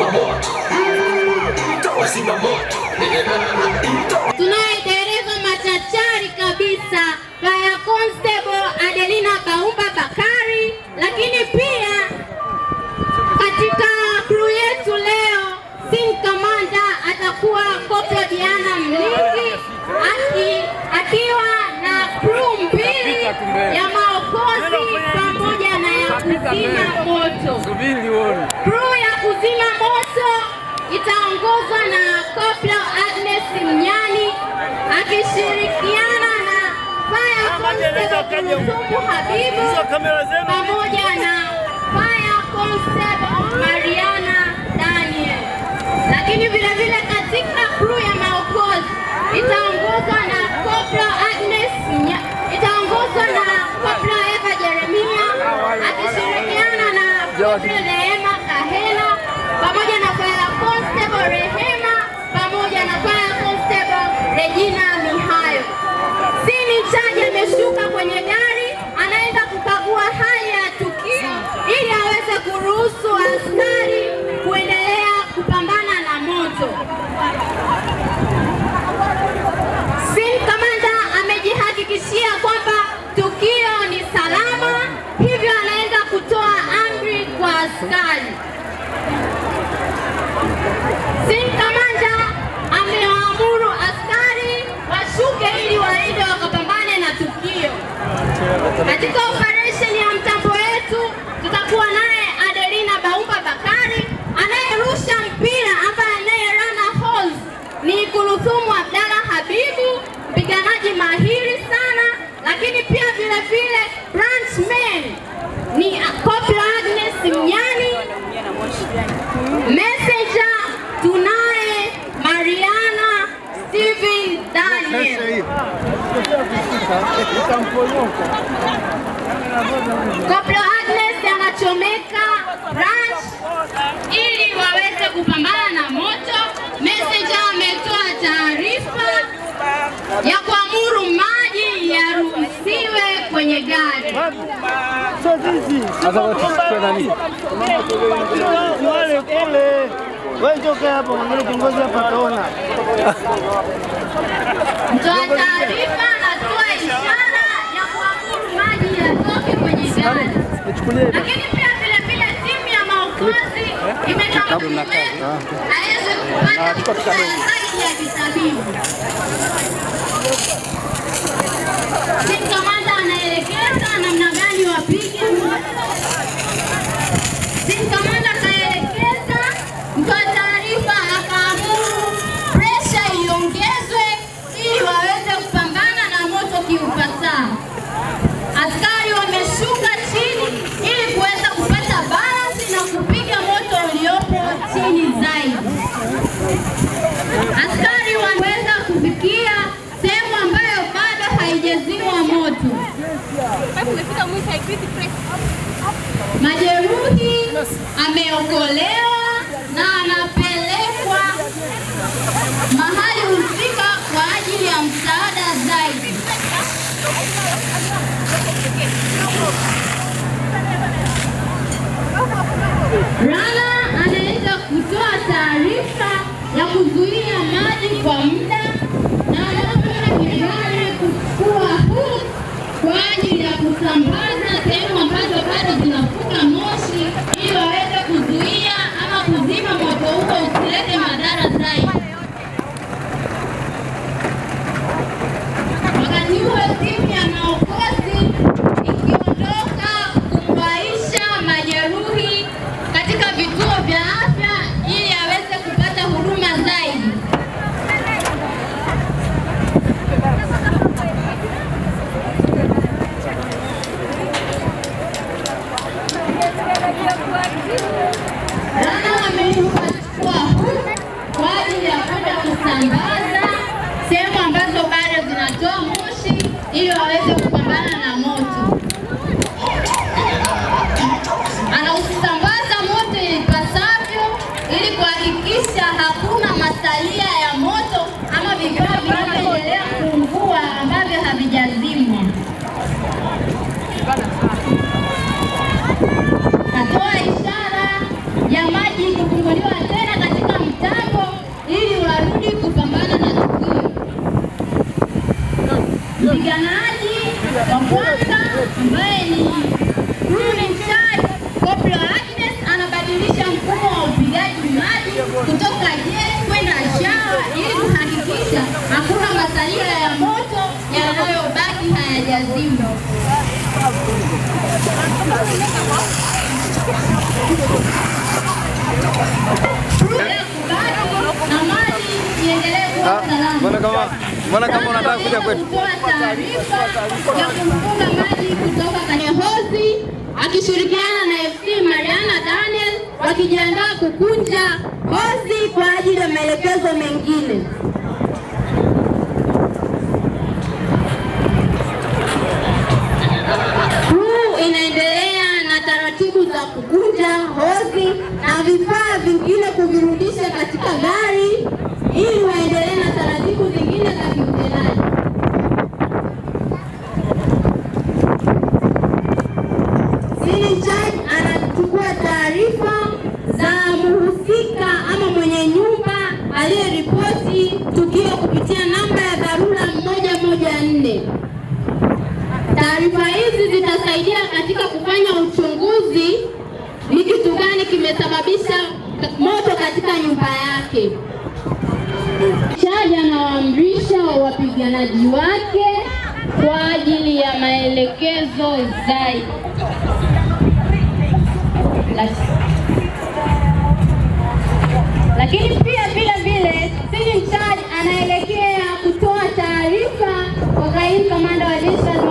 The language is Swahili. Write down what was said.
itawazima moto, itawazima moto. Tunaye dereva machachari kabisa Fire Constable Adelina Kaumba Bakari, lakini pia katika crew yetu leo team commander atakuwa Koplo Diana Mlingi aki, akiwa na crew mbili ya maokozi pamoja na ya kuzima moto itaongozwa na Kopla Agnes Mnyani akishirikiana na Fayauugu Habibu pamoja na Fire Concept Mariana Daniel, lakini vile vile katika kru ya maokozi itaongozwa na Kopla Agnes Mnyani, itaongozwa na Kopla Eva Jeremia akishirikiana na Kopla Neema for it. Katika operesheni ya mtambo wetu tutakuwa naye Adelina Baumba Bakari, anayerusha mpira ambaye anayerana holes ni Kuruthumu Abdalla Habibu, mpiganaji mahiri sana, lakini pia vile vile branchman ni Kopla Agnes Mnyani. Messenger tunaye Mariana Steve Koplo Agnes anachomeka branch ili waweze kupambana na moto. Messenger ametoa taarifa ya kuamuru maji yaruhusiwe kwenye gari. Mtoa taarifa lakini pia vilevile timu ya Maokozi eh? imekabidhiwa aweze ah, eh, kupata haki ya kitabibu. Kamanda anaelekeza namna gani wapige ameokolewa na anapelekwa mahali husika kwa ajili ya msaada zaidi. Rana anaweza kutoa taarifa ya kuzuia maji kwa muda na anapenda kibali kuchukua huu kwa ajili ya kusambaza 一路来。kwanza ambaye ni Rooney Chad Koplo Agnes anabadilisha mfumo wa upigaji maji kutoka jet kwenda shawa ili kuhakikisha hakuna masalia ya moto yanayobaki hayajazimwa. Kubaki na maji iendelee kuwa ah, salama. Mbona kama unataka kuja kwetu? maji kutoka kwenye hozi akishirikiana na FC Mariana Daniel wakijiandaa kukunja hozi kwa ajili ya maelekezo mengine. Huu inaendelea na taratibu za kukunja hozi na vifaa vingine kuvirudisha moto katika nyumba yake. Shadi anawaamrisha wapiganaji wake kwa ajili ya maelekezo zaidi. Lakini pia vile vile Sidi Mtadi anaelekea kutoa taarifa kwa kaimu kamanda wa jeshi